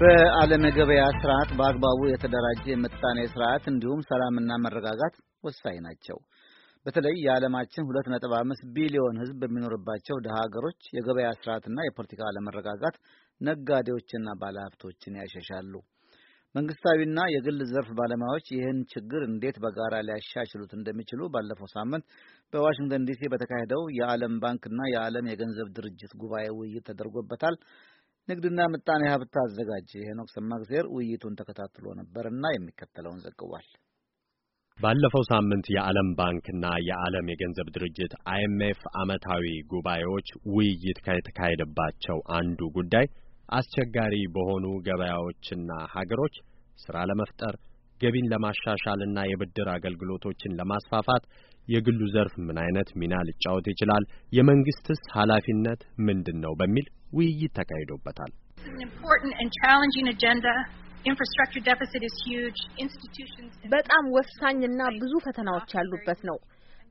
በዓለም ገበያ ስርዓት በአግባቡ የተደራጀ የምጣኔ ስርዓት እንዲሁም ሰላምና መረጋጋት ወሳኝ ናቸው። በተለይ የዓለማችን 2.5 ቢሊዮን ሕዝብ በሚኖርባቸው ድሃ ሀገሮች የገበያ ስርዓትና የፖለቲካ አለመረጋጋት ነጋዴዎችና ባለሀብቶችን ያሸሻሉ። መንግስታዊና የግል ዘርፍ ባለሙያዎች ይህን ችግር እንዴት በጋራ ሊያሻሽሉት እንደሚችሉ ባለፈው ሳምንት በዋሽንግተን ዲሲ በተካሄደው የዓለም ባንክና የዓለም የገንዘብ ድርጅት ጉባኤ ውይይት ተደርጎበታል። ንግድና ምጣኔ ሀብት አዘጋጅ ሄኖክ ሰማግዜር ውይይቱን ተከታትሎ ነበርና የሚከተለውን ዘግቧል። ባለፈው ሳምንት የዓለም ባንክና የዓለም የገንዘብ ድርጅት አይኤምኤፍ ዓመታዊ ጉባኤዎች ውይይት ከተካሄደባቸው አንዱ ጉዳይ አስቸጋሪ በሆኑ ገበያዎችና ሀገሮች ስራ ለመፍጠር ገቢን ለማሻሻልና የብድር አገልግሎቶችን ለማስፋፋት የግሉ ዘርፍ ምን አይነት ሚና ሊጫወት ይችላል፣ የመንግስትስ ኃላፊነት ምንድን ነው በሚል ውይይት ተካሂዶበታል። በጣም ወሳኝና ብዙ ፈተናዎች ያሉበት ነው።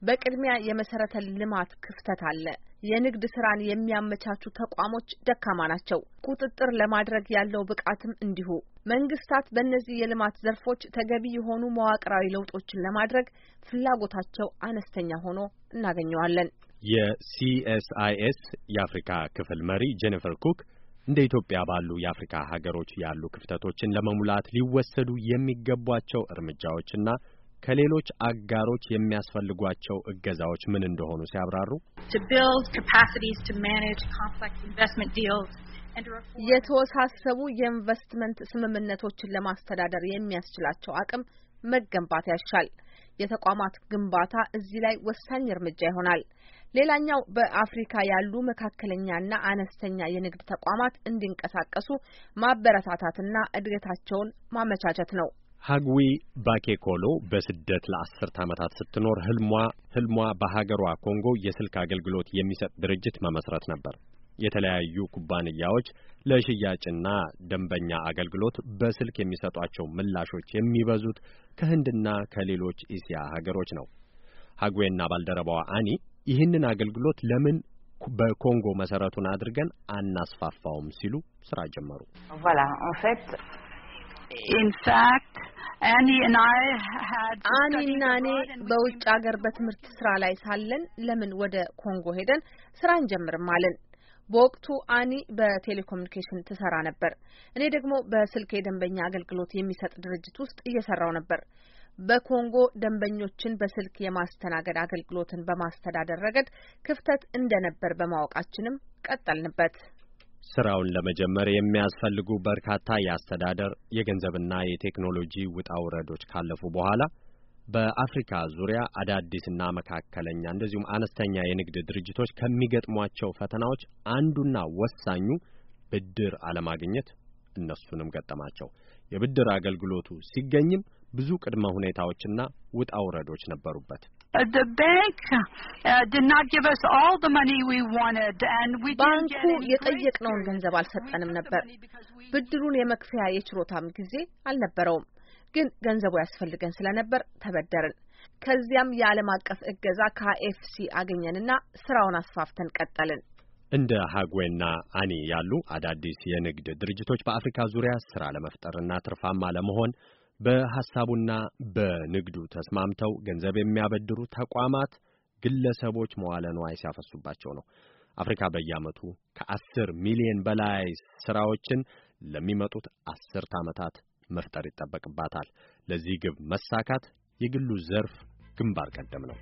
በቅድሚያ የመሰረተ ልማት ክፍተት አለ። የንግድ ስራን የሚያመቻቹ ተቋሞች ደካማ ናቸው። ቁጥጥር ለማድረግ ያለው ብቃትም እንዲሁ። መንግስታት በእነዚህ የልማት ዘርፎች ተገቢ የሆኑ መዋቅራዊ ለውጦችን ለማድረግ ፍላጎታቸው አነስተኛ ሆኖ እናገኘዋለን። የሲኤስአይኤስ የአፍሪካ ክፍል መሪ ጄኒፈር ኩክ እንደ ኢትዮጵያ ባሉ የአፍሪካ ሀገሮች ያሉ ክፍተቶችን ለመሙላት ሊወሰዱ የሚገቧቸው እርምጃዎችና ከሌሎች አጋሮች የሚያስፈልጓቸው እገዛዎች ምን እንደሆኑ ሲያብራሩ የተወሳሰቡ የኢንቨስትመንት ስምምነቶችን ለማስተዳደር የሚያስችላቸው አቅም መገንባት ያሻል። የተቋማት ግንባታ እዚህ ላይ ወሳኝ እርምጃ ይሆናል። ሌላኛው በአፍሪካ ያሉ መካከለኛና አነስተኛ የንግድ ተቋማት እንዲንቀሳቀሱ ማበረታታትና እድገታቸውን ማመቻቸት ነው። ሀግዊ ባኬኮሎ በስደት ለአስርት ዓመታት ስትኖር ህልሟ ህልሟ በሀገሯ ኮንጎ የስልክ አገልግሎት የሚሰጥ ድርጅት መመስረት ነበር። የተለያዩ ኩባንያዎች ለሽያጭና ደንበኛ አገልግሎት በስልክ የሚሰጧቸው ምላሾች የሚበዙት ከህንድና ከሌሎች እስያ ሀገሮች ነው። ሀጉዌና ባልደረባዋ አኒ ይህንን አገልግሎት ለምን በኮንጎ መሰረቱን አድርገን አናስፋፋውም ሲሉ ስራ ጀመሩ። አኒና እኔ በውጭ ሀገር በትምህርት ስራ ላይ ሳለን ለምን ወደ ኮንጎ ሄደን ስራ እንጀምርም አለን። በወቅቱ አኒ በቴሌኮሙኒኬሽን ትሰራ ነበር። እኔ ደግሞ በስልክ የደንበኛ አገልግሎት የሚሰጥ ድርጅት ውስጥ እየሰራው ነበር። በኮንጎ ደንበኞችን በስልክ የማስተናገድ አገልግሎትን በማስተዳደር ረገድ ክፍተት እንደነበር በማወቃችንም ቀጠልንበት። ስራውን ለመጀመር የሚያስፈልጉ በርካታ የአስተዳደር የገንዘብና የቴክኖሎጂ ውጣ ውረዶች ካለፉ በኋላ በአፍሪካ ዙሪያ አዳዲስና መካከለኛ እንደዚሁም አነስተኛ የንግድ ድርጅቶች ከሚገጥሟቸው ፈተናዎች አንዱና ወሳኙ ብድር አለማግኘት እነሱንም ገጠማቸው። የብድር አገልግሎቱ ሲገኝም ብዙ ቅድመ ሁኔታዎችና ውጣ ውረዶች ነበሩበት። ባንኩ የጠየቅነውን ገንዘብ አልሰጠንም ነበር። ብድሩን የመክፈያ የችሮታም ጊዜ አልነበረውም። ግን ገንዘቡ ያስፈልገን ስለነበር ተበደርን። ከዚያም የዓለም አቀፍ እገዛ ከአኤፍሲ አገኘንና ስራውን አስፋፍተን ቀጠልን። እንደ ሀጉዌና አኒ ያሉ አዳዲስ የንግድ ድርጅቶች በአፍሪካ ዙሪያ ስራ ለመፍጠርና ትርፋማ ለመሆን በሐሳቡና በንግዱ ተስማምተው ገንዘብ የሚያበድሩ ተቋማት ግለሰቦች መዋለ ንዋይ ሲያፈሱባቸው ነው። አፍሪካ በየዓመቱ ከአስር ሚሊዮን በላይ ስራዎችን ለሚመጡት አስርት ዓመታት መፍጠር ይጠበቅባታል። ለዚህ ግብ መሳካት የግሉ ዘርፍ ግንባር ቀደም ነው።